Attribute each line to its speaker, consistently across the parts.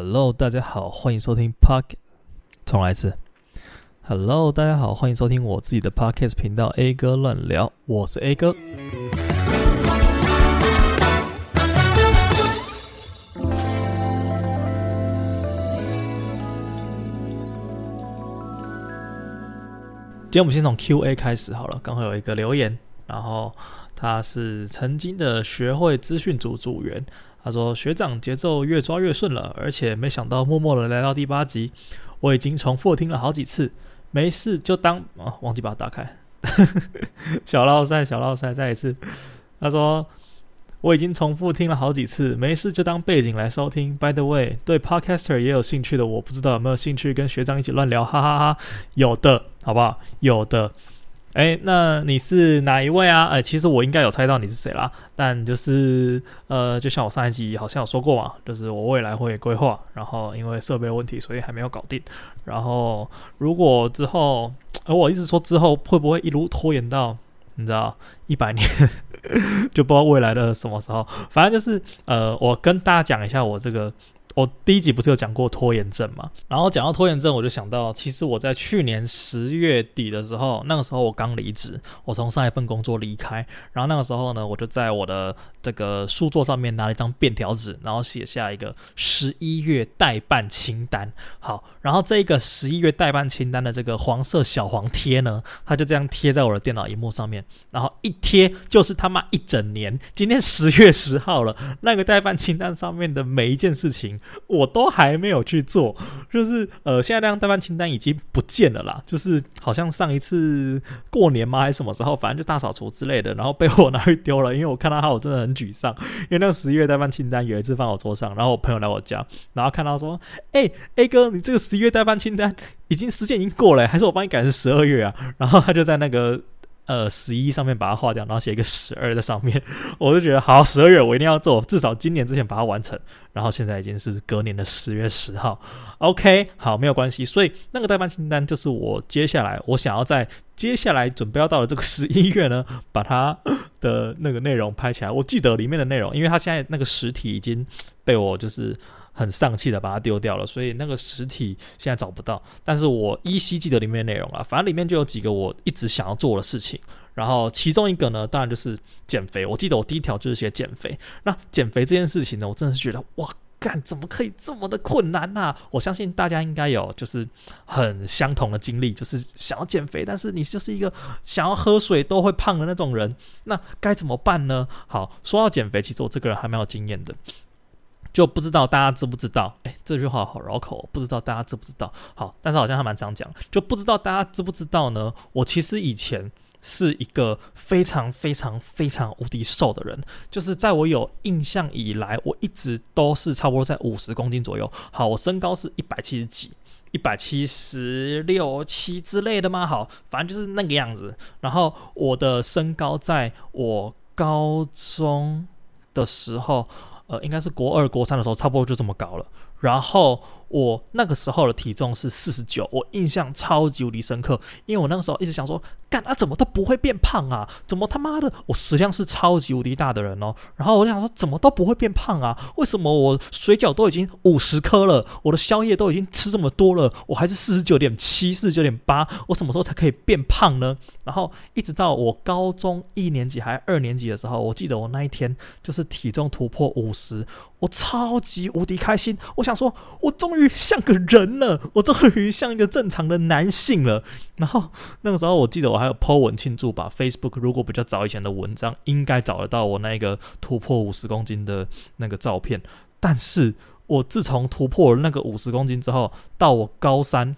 Speaker 1: Hello，大家好，歡迎收聽 Podcast...。重來一次。Hello，大家好，歡迎收聽我自己的 Podcast 頻道 A 哥亂聊，我是 A 哥。今天我們先從 Q&A 開始好了，剛好有一個留言，然後他是曾經的學會資訊組組員。他說：“學長節奏越抓越順了，而且沒想到默默的來到第八集，我已經重複聽了好幾次。沒事就當……哦，忘記把它打開。 小浪賽，小浪賽，再一次。”他說：“我已經重複聽了好幾次，沒事就當背景來收聽。By the way，對 Podcaster 也有興趣的，我不知道有沒有興趣跟學長一起亂聊，哈哈哈哈。有的，好不好？有的。”誒，那你是哪一位啊？誒，其實我應該有猜到你是誰啦，但就是呃，就像我上一集好像有說過嘛，就是我未來會規劃，然後因為設備問題，所以還沒有搞定。然後如果之後，而、呃、我一直說之後會不會一路拖延到你知道一百年， 就不知道未來的什麼時候。反正就是呃，我跟大家講一下我這個。我第一集不是有講過拖延症嘛，然後講到拖延症，我就想到，其實我在去年十月底的時候，那個時候我剛離職，我從上一份工作離開，然後那個時候呢，我就在我的這個書桌上面拿了一張便條紙，然後寫下一個十一月代辦清單，好。然後這個十一月代辦清單的這個黃色小黃貼呢，它就這樣貼在我的電腦螢幕上面，然後一貼就是他媽一整年。今天十月十號了，那個代辦清單上面的每一件事情我都還沒有去做，就是呃，現在那張代辦清單已經不見了啦，就是好像上一次過年嗎還是什麼時候，反正就大掃除之類的，然後被我拿去丟了。因為我看到他，我真的很沮喪，因為那個十一月代辦清單有一次放我桌上，然後我朋友來我家，然後看到說，哎，欸，A 哥，你這個十。因為代辦清單已經時間已經過了欸，還是我幫你改成十二月啊？然後他就在那個呃十一上面把它劃掉，然後寫一個十二在上面。我就覺得好，十二月我一定要做，至少今年之前把它完成。然後現在已經是隔年的十月十號，OK，好，沒有關係。所以那個代辦清單就是我接下來我想要在接下來準備要到了這個十一月呢，把它的那個內容拍起來。我記得裡面的內容，因為它現在那個實體已經被我就是。很喪氣的把它丟掉了，所以那個實體現在找不到。但是我依稀記得裡面的內容啊，反正裡面就有幾個我一直想要做的事情。然後其中一個呢，當然就是減肥。我記得我第一條就是寫減肥。那減肥這件事情呢，我真的是覺得哇，幹怎麼可以這麼的困難吶？我相信大家應該有就是很相同的經歷，就是想要減肥，但是你就是一個想要喝水都會胖的那種人，那該怎麼辦呢？好，說到減肥，其實我這個人還蠻有經驗的。就不知道大家知不知道？誒，這句話好繞口哦，不知道大家知不知道？好，但是好像還蠻常講。就不知道大家知不知道呢？我其實以前是一個非常非常非常無敵瘦的人，就是在我有印象以來，我一直都是差不多在五十公斤左右。好，我身高是一百七十幾，一百七十六七之類的嗎？好，反正就是那個樣子。然後我的身高在我高中的時候。呃，應該是國二、國三的時候，差不多就這麼高了。然後。我那個時候的體重是四十九，我印象超級無敵深刻，因為我那個時候一直想說，幹啊，怎麼都不會變胖啊，怎麼他媽的，我食量是超級無敵大的人哦。然後我想說，怎麼都不會變胖啊？為什麼我水餃都已經五十顆了，我的宵夜都已經吃這麼多了，我還是四十九點七、四十九點八，我什麼時候才可以變胖呢？然後一直到我高中一年級還二年級的時候，我記得我那一天就是體重突破五十，我超級無敵開心，我想說，我終於。像個人了，我終於像一個正常的男性了。然後那個時候，我記得我還有 po 文慶祝吧。Facebook 如果比較早以前的文章，應該找得到我那個突破五十公斤的那個照片。但是我自從突破了那個五十公斤之後，到我高三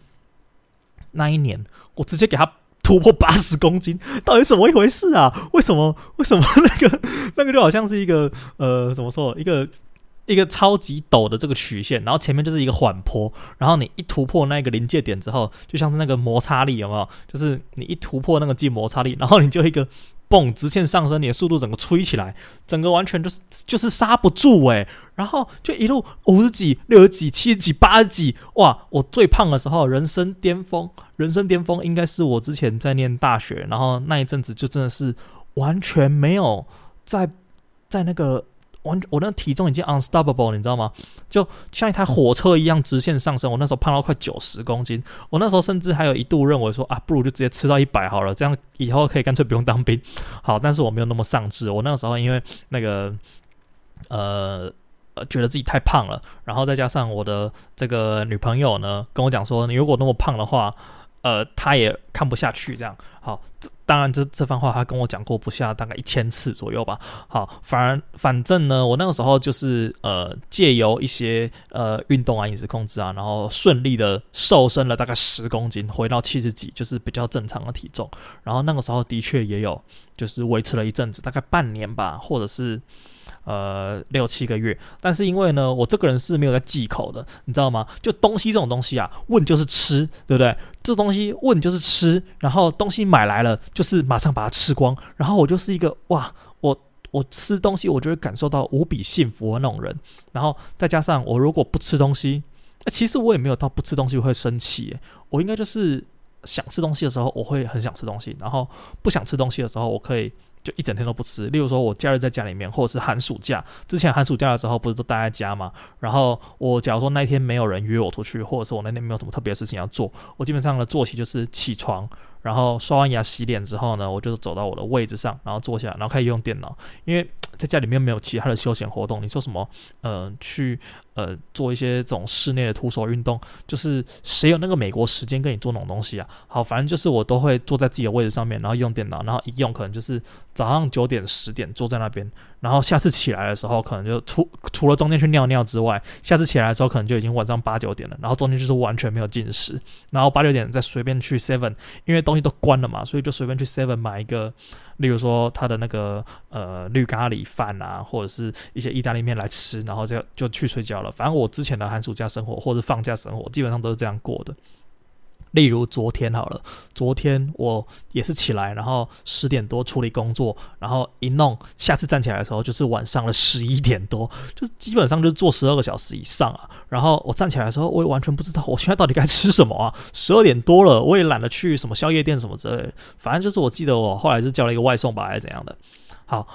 Speaker 1: 那一年，我直接給他突破八十公斤，到底是怎麼一回事啊？為什麼？為什麼那個那個就好像是一個呃，怎麼說一個？一個超級陡的這個曲線，然後前面就是一個緩坡，然後你一突破那個臨界點之後，就像是那個摩擦力有沒有？就是你一突破那個靜摩擦力，然後你就一個蹦，直線上升，你的速度整個吹起來，整個完全就是就是剎不住誒、欸。然後就一路五十幾、六十幾、七十幾、八十幾，哇！我最胖的時候，人生巔峰，人生巔峰應該是我之前在念大學，然後那一陣子就真的是完全沒有在在那個。完，我那體重已經 unstoppable，你知道嗎？就像一台火車一樣直線上升。我那時候胖到快九十公斤，我那時候甚至還有一度認為說啊，不如就直接吃到一百好了，這樣以後可以乾脆不用當兵。好，但是我沒有那麼喪志。我那個時候因為那個呃呃覺得自己太胖了，然後再加上我的這個女朋友呢跟我講說，你如果那麼胖的話。呃，他也看不下去，這樣好。這當然，這這番話他跟我講過不下大概一千次左右吧。好，反而反正呢，我那個時候就是呃，借由一些呃運動啊、飲食控制啊，然後順利的瘦身了大概十公斤，回到七十幾，就是比較正常的體重。然後那個時候的確也有，就是維持了一陣子，大概半年吧，或者是。呃，六七個月，但是因為呢，我這個人是沒有在忌口的，你知道嗎？就東西這種東西啊，問就是吃，對不對？這東西問就是吃，然後東西買來了就是馬上把它吃光，然後我就是一個哇，我我吃東西我就會感受到無比幸福的那種人，然後再加上我如果不吃東西，那、欸、其實我也沒有到不吃東西會生氣、欸，我應該就是想吃東西的時候我會很想吃東西，然後不想吃東西的時候我可以。就一整天都不吃。例如說，我假日在家裡面，或者是寒暑假之前寒暑假的時候，不是都待在家嘛？然後我假如說那一天沒有人約我出去，或者是我那天沒有什麼特別的事情要做，我基本上的作息就是起床。然後刷完牙、洗臉之後呢，我就走到我的位置上，然後坐下，然後開始用電腦。因為在家裡面沒有其他的休閒活動，你說什麼，嗯，去呃做一些這種室內的徒手運動，就是誰有那個美國時間跟你做那種東西啊？好，反正就是我都會坐在自己的位置上面，然後用電腦，然後一用可能就是早上九點、十點坐在那邊。然後下次起來的時候，可能就除除了中間去尿尿之外，下次起來的時候可能就已經晚上八九點了。然後中間就是完全沒有進食，然後八九點再隨便去 Seven，因為東西都關了嘛，所以就隨便去 Seven 買一個，例如說他的那個呃綠咖喱飯啊，或者是一些意大利面來吃，然後就就去睡覺了。反正我之前的寒暑假生活或者放假生活，基本上都是這樣過的。例如昨天好了，昨天我也是起來，然後十點多處理工作，然後一弄，下次站起來的時候就是晚上的十一點多，就基本上就是坐十二個小時以上啊。然後我站起來的時候，我也完全不知道我現在到底該吃什麼啊。十二點多了，我也懶得去什麼宵夜店什麼之類的，反正就是我記得我後來是叫了一個外送吧，還是怎樣的。好。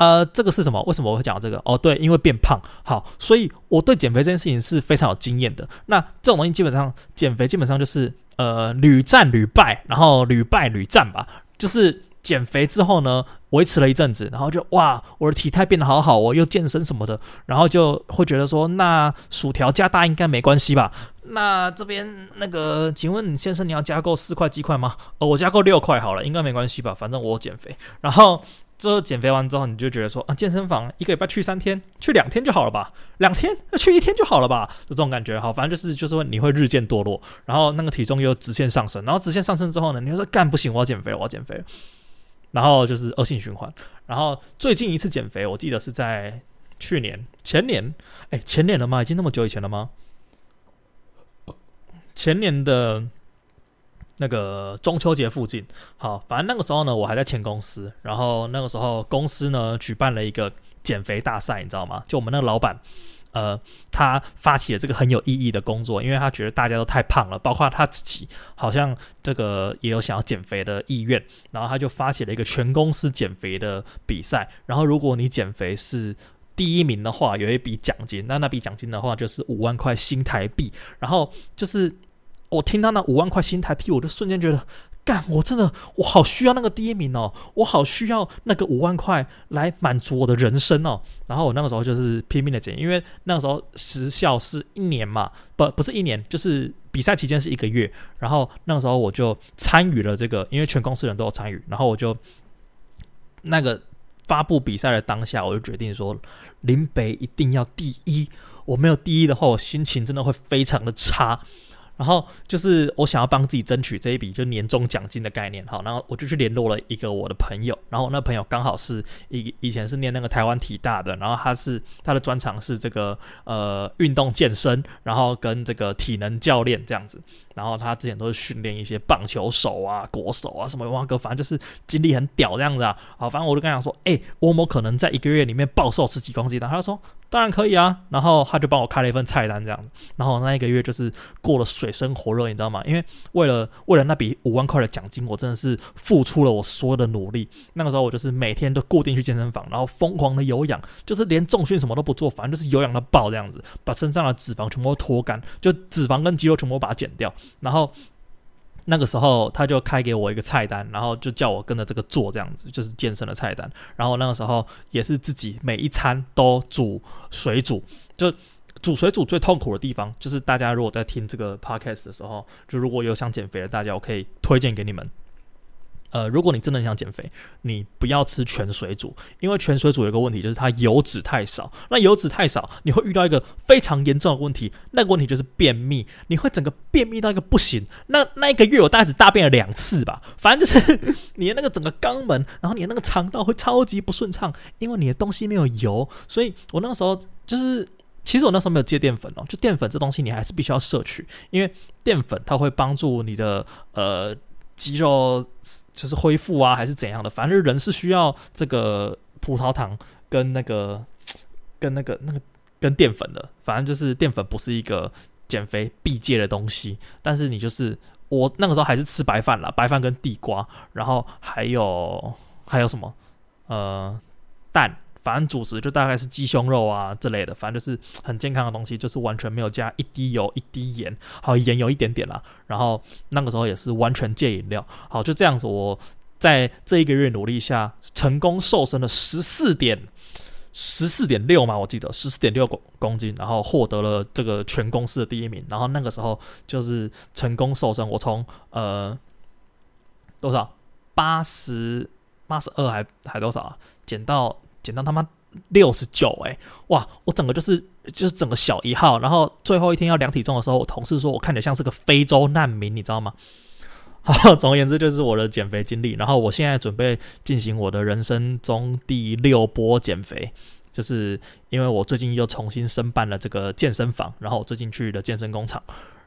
Speaker 1: 呃，這個是什麼？為什麼我會講這個？哦，對，因為變胖。好，所以我對減肥這件事情是非常有經驗的。那這種東西基本上減肥基本上就是呃屢戰屢敗，然後屢敗屢戰吧。就是減肥之後呢，維持了一陣子，然後就哇，我的體態變得好好，我又健身什麼的，然後就會覺得說，那薯條加大應該沒關係吧？那這邊那個，請問先生你要加購四塊雞塊嗎？呃，哦，我加購六塊好了，應該沒關係吧？反正我減肥，然後。之後減肥完之後，你就覺得說啊，健身房一個禮拜去三天，去兩天就好了吧？兩天那去一天就好了吧？就這種感覺。好，反正就是就是你會日漸墮落，然後那個體重又直線上升，然後直線上升之後呢，你就說幹不行，我要減肥，我要減肥，然後就是惡性循環。然後最近一次減肥，我記得是在去年、前年，哎、欸，前年了嗎？已經那麼久以前了嗎？前年的。那個中秋節附近，好，反正那個時候呢，我還在前公司，然後那個時候公司呢舉辦了一個減肥大賽，你知道嗎？就我們那個老闆，呃，他發起了這個很有意義的工作，因為他覺得大家都太胖了，包括他自己好像這個也有想要減肥的意願，然後他就發起了一個全公司減肥的比賽，然後如果你減肥是第一名的話，有一筆獎金，那那筆獎金的話就是五萬塊新台幣，然後就是。我聽到那五萬塊新台幣，我就瞬間覺得，幹！我真的我好需要那個第一名哦，我好需要那個五萬塊來滿足我的人生哦。然後我那個時候就是拼命的減，因為那個時候時效是一年嘛，不不是一年，就是比賽期間是一個月。然後那個時候我就參與了這個，因為全公司人都有參與。然後我就那個發布比賽的當下，我就決定說，林北一定要第一。我沒有第一的話，我心情真的會非常的差。然後就是我想要幫自己爭取這一筆就年終獎金的概念，好，然後我就去聯絡了一個我的朋友，然後那朋友剛好是以以前是念那個台灣體大的，然後他是他的專長是這個呃運動健身，然後跟這個體能教練這樣子，然後他之前都是訓練一些棒球手啊、國手啊什麼，哇哥，反正就是經歷很屌這樣子啊，好，反正我就跟他講說，哎、欸，我某可能在一個月裡面暴瘦十幾公斤，然後他說。當然可以啊，然後他就幫我開了一份菜單，這樣子。然後那一個月就是過了水深火熱，你知道嗎？因為為了為了那筆五萬塊的獎金，我真的是付出了我所有的努力。那個時候我就是每天都固定去健身房，然後瘋狂的有氧，就是連重訓什麼都不做，反正就是有氧的爆這樣子，把身上的脂肪全部都脫乾，就脂肪跟肌肉全部把它減掉，然後。那個時候他就開給我一個菜單，然後就叫我跟着這個做這樣子，就是健身的菜單。然後那個時候也是自己每一餐都煮水煮，就煮水煮最痛苦的地方，就是大家如果在聽這個 podcast 的時候，就如果有想減肥的大家，我可以推薦給你們。呃，如果你真的很想減肥，你不要吃全水煮，因為全水煮有一個問題，就是它油脂太少。那油脂太少，你會遇到一個非常嚴重的問題，那個問題就是便秘。你會整個便秘到一個不行。那那一個月我大概只大便了兩次吧，反正就是呵呵你的那個整個肛門，然後你的那個腸道會超級不順暢，因為你的東西沒有油。所以，我那個時候就是，其實我那時候沒有戒澱粉哦，就澱粉這東西你還是必須要攝取，因為澱粉它會幫助你的呃。肌肉就是恢復啊，還是怎樣的？反正人是需要這個葡萄糖跟那個跟那個那個跟澱粉的。反正就是澱粉不是一個減肥必戒的東西，但是你就是我那個時候還是吃白飯啦，白飯跟地瓜，然後還有還有什麼？呃，蛋。反正主食就大概是雞胸肉啊之類的，反正就是很健康的東西，就是完全沒有加一滴油，一滴鹽，好鹽有一點點啦，啊。然後那個時候也是完全戒飲料，好，就這樣子，我在這一個月努力下，成功瘦身了十四點十四點六嘛，我記得十四點六公公斤，然後獲得了這個全公司的第一名。然後那個時候就是成功瘦身，我從呃多少八十八十二還還多少啊，減到。減到他媽六十九哎，哇！我整個就是就是整個小一號，然後最後一天要量體重的時候，我同事說我看起來像是個非洲難民，你知道嗎？好，總而言之就是我的減肥經歷。然後我現在準備進行我的人生中第六波減肥，就是因為我最近又重新申辦了這個健身房，然後我最近去了健身工廠，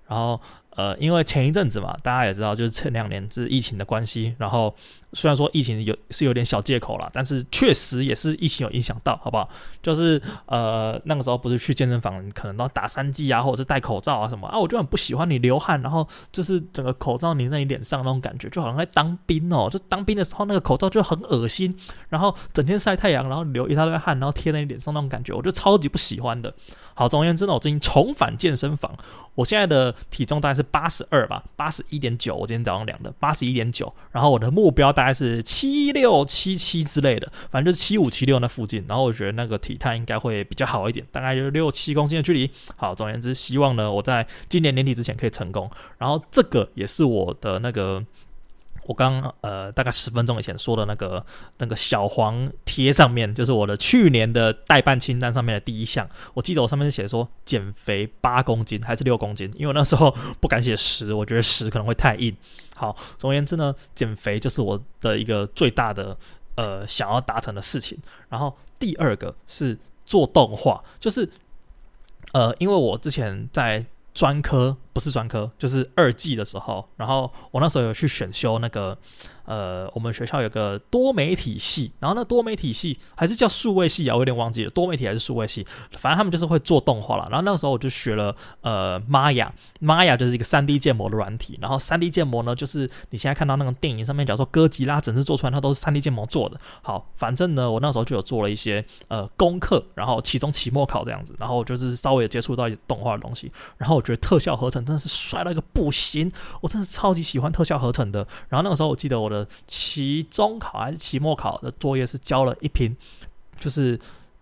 Speaker 1: 然後。呃，因為前一陣子嘛，大家也知道，就是前兩年是疫情的關係，然後雖然說疫情有是有點小借口啦,但是確實也是疫情有影響到，好不好？就是呃那個時候不是去健身房，可能都要打三劑啊，或者是戴口罩啊什麼啊，我就很不喜歡你流汗，然後就是整個口罩粘在你臉上那種感覺,就好像在當兵哦，就當兵的時候那個口罩就很噁心，然後整天曬太陽，然後流一大堆汗，然後貼在你臉上那種感覺，我就超級不喜歡的。好，總而言之呢，我最近重返健身房，我現在的體重大概是。八十二吧，八十一點九，我今天早上量的八十一點九。然後我的目標大概是七六七七之類的，反正就是七五七六那附近。然後我覺得那個體態應該會比較好一點，大概就是六七公斤的距離。好，總而言之，希望呢我在今年年底之前可以成功。然後這個也是我的那個。我剛呃大概十分鐘以前說的那個那個小黃貼上面，就是我的去年的代辦清單上面的第一項。我記得我上面寫說，減肥八公斤還是六公斤，因為我那時候不敢寫十，我覺得十可能會太硬。好，總而言之呢，減肥就是我的一個最大的呃想要達成的事情。然後第二個是做動畫，就是呃因為我之前在專科。不是專科，就是二技的時候，然後我那時候有去選修那個，呃，我們學校有個多媒體系，然後那多媒體系還是叫數位系啊，我有點忘記了，多媒體還是數位系，反正他們就是會做動畫啦。然後那時候我就學了，呃，Maya，Maya Maya 就是一個三 D 建模的軟體，然後三 D 建模呢，就是你現在看到那個電影上面假如說哥吉拉整隻做出來，它都是三 D 建模做的。好，反正呢，我那時候就有做了一些呃功課，然後期中期末考這樣子，然後就是稍微接觸到一些動畫的東西，然後我覺得特效合成。真的是帥到一個不行！我真的是超級喜歡特效合成的。然後那個時候，我記得我的期中考還是期末考的作業是交了一瓶就是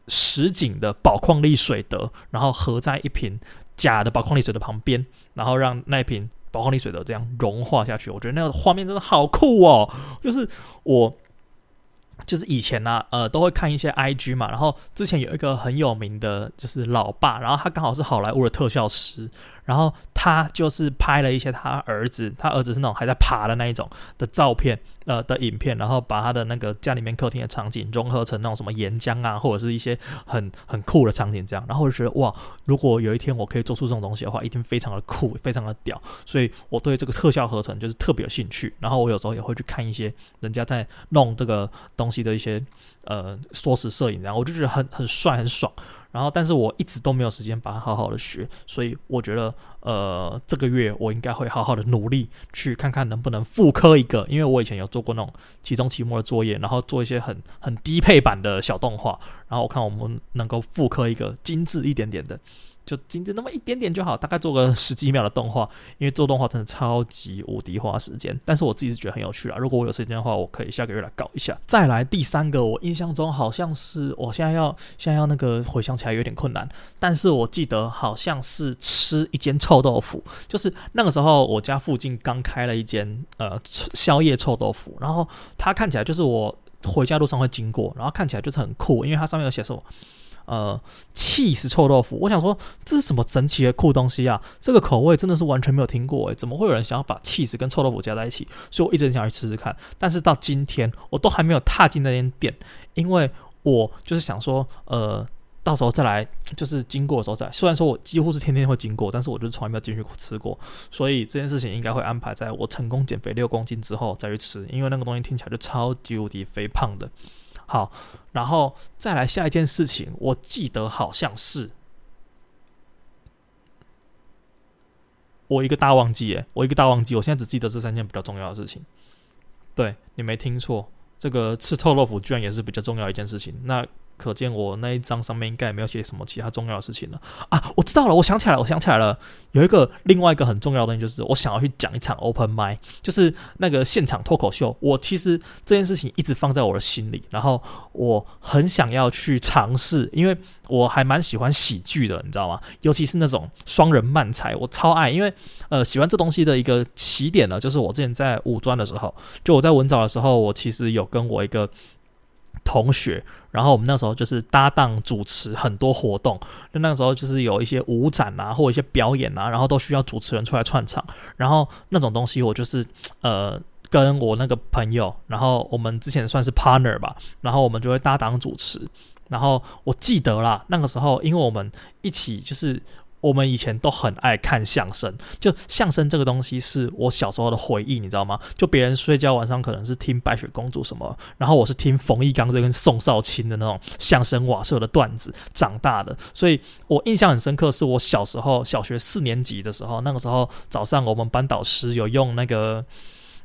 Speaker 1: 實景的寶礦力水得，然後合在一瓶假的寶礦力水得旁邊，然後讓那瓶寶礦力水得這樣融化下去。我覺得那個畫面真的好酷哦！就是我。就是以前呢、啊，呃，都會看一些 IG 嘛。然後之前有一個很有名的，就是老爸，然後他剛好是好萊塢的特效師，然後他就是拍了一些他兒子，他兒子是那種還在爬的那一種的照片。呃的影片，然後把他的那個家裡面客廳的場景融合成那種什麼岩漿啊，或者是一些很很酷的場景這樣，然後我就覺得哇，如果有一天我可以做出這種東西的話，一定非常的酷，非常的屌，所以我對這個特效合成就是特別有興趣。然後我有時候也會去看一些人家在弄這個東西的一些呃縮時攝影，然後我就覺得很很帥，很爽。然後，但是我一直都沒有時間把它好好的學，所以我覺得，呃，這個月我應該會好好的努力，去看看能不能複刻一個，因為我以前有做過那種期中、期末的作業，然後做一些很很低配版的小動畫，然後我看我們能夠複刻一個精緻一點點的。就僅僅那麼一點點就好，大概做個十幾秒的動畫，因為做動畫真的超級無敵花時間。但是我自己是覺得很有趣啦。如果我有時間的話，我可以下個月來搞一下。再來第三個，我印象中好像是，我現在要現在要那個回想起來有點困難，但是我記得好像是吃一間臭豆腐，就是那個時候我家附近剛開了一間呃宵夜臭豆腐，然後它看起來就是我回家路上會經過，然後看起來就是很酷，因為它上面有寫什麼。呃，起司臭豆腐，我想說這是什麼神奇的酷東西啊？這個口味真的是完全沒有聽過誒、欸，怎麼會有人想要把起司跟臭豆腐加在一起？所以我一直想去吃吃看，但是到今天我都還沒有踏進那間店，因為我就是想說，呃，到時候再來，就是經過的時候再來，雖然說我幾乎是天天會經過，但是我就從來沒有進去吃過，所以這件事情應該會安排在我成功減肥六公斤之後再去吃，因為那個東西聽起來就超級無敵肥胖的。好，然後再來下一件事情，我記得好像是我一個大忘記耶、欸，我一個大忘記，我現在只記得這三件比較重要的事情。對，你沒聽錯，這個吃臭豆腐居然也是比較重要的一件事情。那。可見我那一張上面應該也沒有寫什麼其他重要的事情了啊。我知道了，我想起來了，我想起來了，有一個另外一個很重要的東西就是我想要去講一場 open m mind 就是那個現場脫口秀。我其實這件事情一直放在我的心裡，然後我很想要去嘗試，因為我還蠻喜歡喜劇的，你知道嗎？尤其是那種雙人漫才，我超愛。因為呃，喜歡這東西的一個起點呢，就是我之前在五專的時候，就我在文藻的時候，我其實有跟我一個。同學，然後我們那時候就是搭檔主持很多活動，就那個時候就是有一些舞展啊，或者一些表演啊，然後都需要主持人出來串場，然後那種東西我就是呃跟我那個朋友，然後我們之前算是 partner 吧，然後我們就會搭檔主持，然後我記得啦，那個時候因為我們一起就是。我們以前都很愛看相聲，就相聲這個東西是我小時候的回憶，你知道嗎？就別人睡覺晚上可能是聽白雪公主什麼，然後我是聽馮翊綱這跟宋少卿的那種相聲瓦舍的段子長大的，所以我印象很深刻。是我小時候小學四年級的時候，那個時候早上我們班導師有用那個。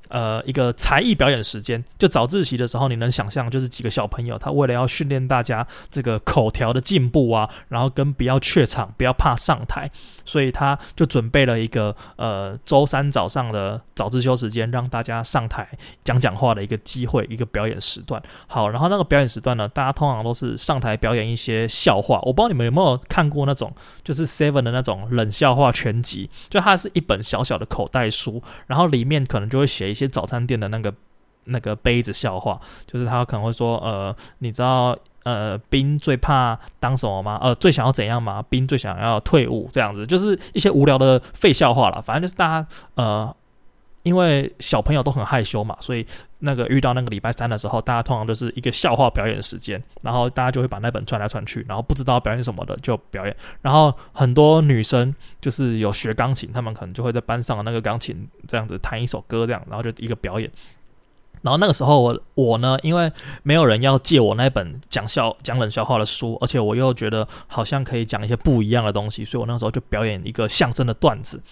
Speaker 1: 呃，一個才藝表演時間，就早自習的時候，你能想象，就是幾個小朋友，他為了要訓練大家這個口條的進步啊，然後跟不要怯場，不要怕上台，所以他就準備了一個呃，周三早上的早自修時間，讓大家上台講講話的一個機會，一個表演時段。好，然後那個表演時段呢，大家通常都是上台表演一些笑話。我不知道你們有沒有看過那種，就是 Seven 的那種冷笑話全集，就它是一本小小的口袋書，然後裡面可能就會寫。一些早餐店的那個那個杯子笑話，就是他可能會說，呃，你知道，呃，兵最怕當什麼嗎？呃，最想要怎樣嗎？兵最想要退伍這樣子，就是一些無聊的廢笑話啦。反正就是大家，呃。因為小朋友都很害羞嘛，所以那個遇到那個禮拜三的時候，大家通常就是一個笑話表演時間，然後大家就會把那本傳來傳去，然後不知道表演什麼的就表演。然後很多女生就是有學鋼琴，她們可能就會在班上的那個鋼琴這樣子彈一首歌，這樣然後就一個表演。然後那個時候我我呢，因為沒有人要借我那本講笑講冷笑話的書，而且我又覺得好像可以講一些不一樣的東西，所以我那個時候就表演一個相聲的段子。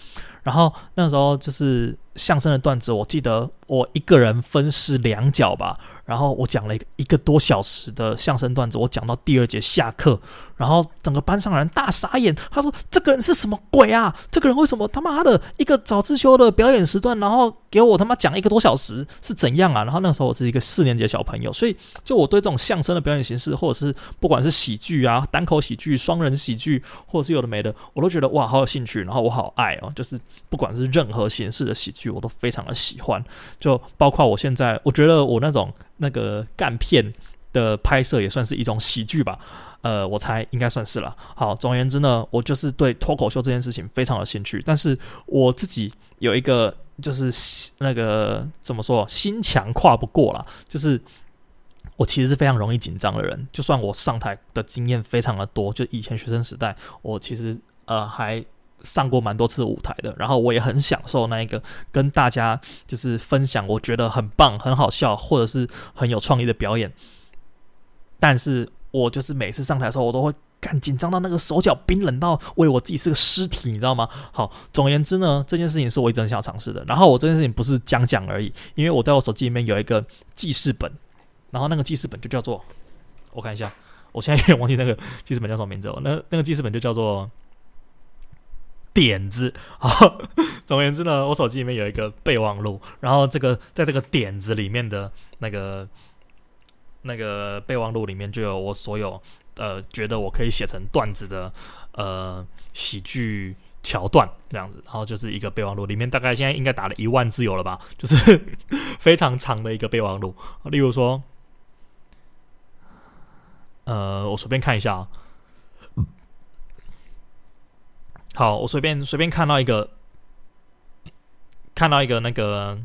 Speaker 1: 然後那時候就是相聲的段子，我記得我一個人分飾兩角吧，然後我講了一個一個多小時的相聲段子，我講到第二節下課，然後整個班上的人大傻眼，他說這個人是什麼鬼啊？這個人為什麼他媽的一個早自修的表演時段，然後給我他媽講一個多小時是怎樣啊？然後那時候我是一個四年級的小朋友，所以就我對這種相聲的表演形式，或者是不管是喜劇啊、單口喜劇、雙人喜劇，或者是有的沒的，我都覺得哇好有興趣，然後我好愛哦，就是。不管是任何形式的喜劇，我都非常的喜歡，就包括我現在，我覺得我那種那個乾片的拍攝也算是一種喜劇吧，呃，我猜應該算是了。好，總而言之呢，我就是對脫口秀這件事情非常有興趣，但是我自己有一個就是那個怎麼說心牆跨不過啦。就是我其實是非常容易緊張的人，就算我上台的經驗非常的多，就以前學生時代，我其實呃還。上過蠻多次的舞台的，然後我也很享受那一個跟大家就是分享我覺得很棒、很好笑，或者是很有創意的表演。但是我就是每次上台的時候，我都會乾緊張到那個手腳冰冷到為我自己是個屍體，你知道嗎？好，總而言之呢，這件事情是我一直很想嘗試的。然後我這件事情不是講講而已，因為我在我手機裡面有一個記事本，然後那個記事本就叫做，我看一下，我現在有點忘記那個記事本叫什麼名字哦，那那個記事本就叫做。點子。好，總而言之呢，我手機裡面有一個備忘錄，然後這個在這個點子裡面的那個那個備忘錄裡面就有我所有呃，覺得我可以寫成段子的呃喜劇橋段這樣子，然後就是一個備忘錄裡面大概現在應該打了一萬字有了吧，就是呵呵非常長的一個備忘錄。例如說，呃，我隨便看一下啊。好，我隨便隨便看到一個，看到一個那個，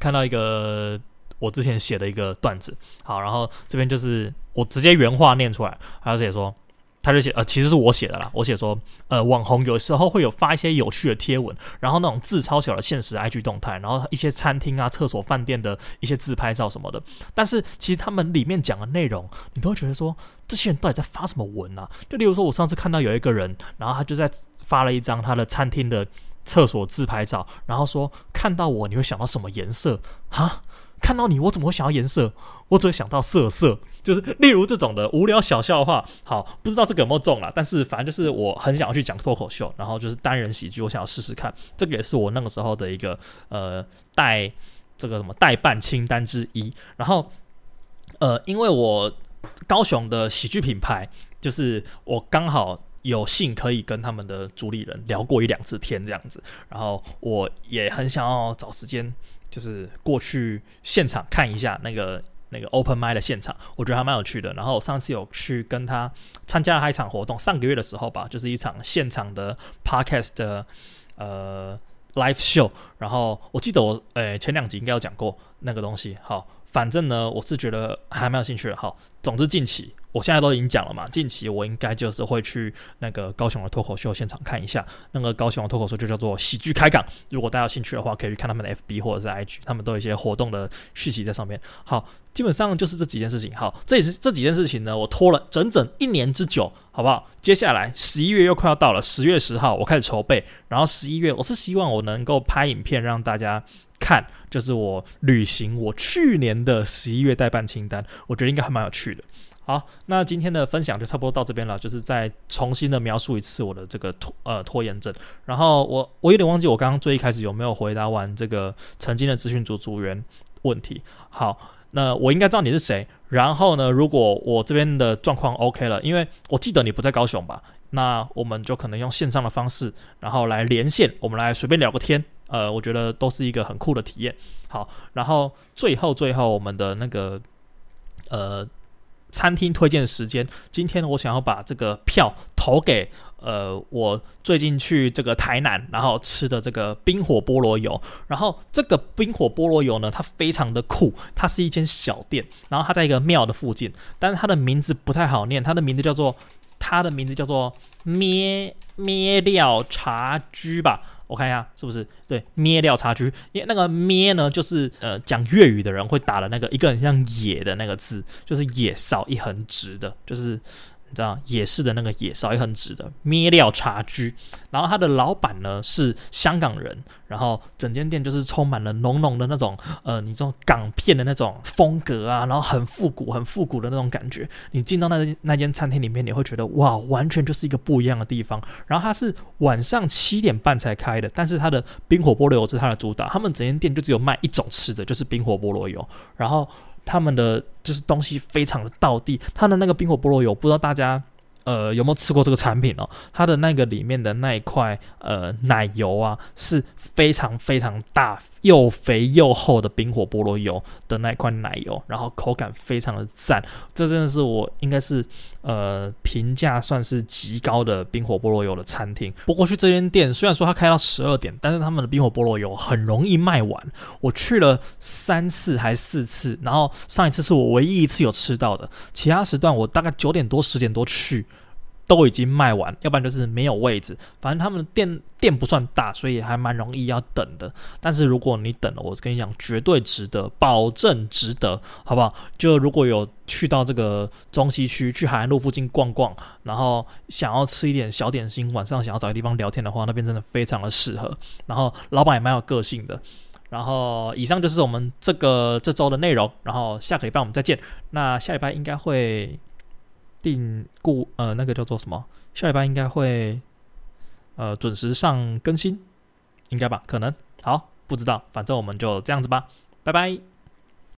Speaker 1: 看到一個我之前寫的一個段子。好，然後這邊就是我直接原話念出來，然後這邊說。他就寫呃，其實是我寫的啦。我寫說，呃，網紅有時候會有發一些有趣的貼文，然後那種字超小的限時 IG 動態，然後一些餐廳啊、廁所、飯店的一些自拍照什麼的。但是其實他們裡面講的內容，你都會覺得說，這些人到底在發什麼文啊？就例如說，我上次看到有一個人，然後他就在發了一張他的餐廳的廁所自拍照，然後說，看到我你會想到什麼顏色啊？看到你，我怎麼會想要顏色？我只會想到色色，就是例如這種的無聊小笑話。好，不知道這個有沒有中啊？但是反正就是我很想要去講脫口秀，然後就是單人喜劇，我想要試試看。這個也是我那個時候的一個呃代這個什麼代辦清單之一。然後呃，因為我高雄的喜劇品牌，就是我剛好有幸可以跟他們的主理人聊過一兩次天這樣子，然後我也很想要找時間。就是過去現場看一下那個那個 Open Mic 的現場，我覺得還蠻有趣的。然後我上次有去跟他參加了他一場活動，上個月的時候吧，就是一場現場的 Podcast 的呃 Live Show。然後我記得我誒、欸、前兩集應該有講過那個東西。好，反正呢，我是覺得還蠻有興趣的。好，總之近期，我現在都已經講了嘛，近期我應該就是會去那個高雄的脫口秀現場看一下。那個高雄的脫口秀就叫做喜劇開港，如果大家有興趣的話，可以去看他們的 FB 或者是 IG，他們都有一些活動的訊息在上面。好，基本上就是這幾件事情。好，這也是這幾件事情呢，我拖了整整一年之久，好不好？接下來十一月又快要到了，十月十號我開始籌備，然後十一月我是希望我能夠拍影片讓大家看，就是我旅行我去年的十一月代辦清單，我覺得應該還蠻有趣的。好，那今天的分享就差不多到這邊了，就是再重新的描述一次我的這個拖呃拖延症。然後我我有點忘記我剛剛最一開始有沒有回答完這個曾經的資訊組組員問題。好，那我應該知道你是誰？然後呢，如果我這邊的狀況 OK 了，因為我記得你不在高雄吧？那我們就可能用線上的方式，然後來連線，我們來隨便聊個天。呃，我覺得都是一個很酷的體驗。好，然後最後最後我們的那個呃。餐廳推薦時間，今天我想要把這個票投給，呃，我最近去這個台南，然後吃的這個冰火菠蘿油，然後這個冰火菠蘿油呢，它非常的酷，它是一間小店，然後它在一個廟的附近，但是它的名字不太好念，它的名字叫做，它的名字叫做咩咩料茶居吧。我看一下是不是對“咩”掉差距。因為那個“咩”呢，就是呃，講粵語的人會打的那個一個很像“野”的那個字，就是“野”少一橫直的，就是。你知道，也是的那個野燒也很值得咩料茶居，然後他的老闆呢是香港人，然後整間店就是充滿了濃濃的那種呃，你這種港片的那種風格啊，然後很復古，很復古的那種感覺。你進到那那間餐廳裡面，你會覺得哇，完全就是一個不一樣的地方。然後它是晚上七點半才開的，但是它的冰火菠蘿油是它的主打，他們整間店就只有賣一種吃的，就是冰火菠蘿油，然後。他們的就是東西非常的道地，他的那個冰火菠蘿油，不知道大家。呃，有沒有吃過這個產品哦？它的那個裡面的那一塊呃奶油啊，是非常非常大，又肥又厚的冰火菠蘿油的那塊奶油，然後口感非常的讚。這真的是我應該是呃評價算是極高的冰火菠蘿油的餐廳。不過去這間店雖然說它開到十二點，但是他們的冰火菠蘿油很容易賣完。我去了三次還是四次，然後上一次是我唯一一次有吃到的。其他時段我大概九點多，十點多去，都已經賣完，要不然就是沒有位置。反正他們店店不算大，所以還蠻容易要等的。但是如果你等了，我跟你講，絕對值得，保證值得，好不好？就如果有去到這個中西區，去海岸路附近逛逛，然後想要吃一點小點心，晚上想要找個地方聊天的話，那邊真的非常的適合。然後老闆也蠻有個性的。然後以上就是我們這個這週的內容。然後下個禮拜我們再見。那下禮拜應該會。訂故，呃，那個叫做什麼？下禮拜應該會呃準時上更新，應該吧？可能，好，不知道，反正我們就這樣子吧，拜拜。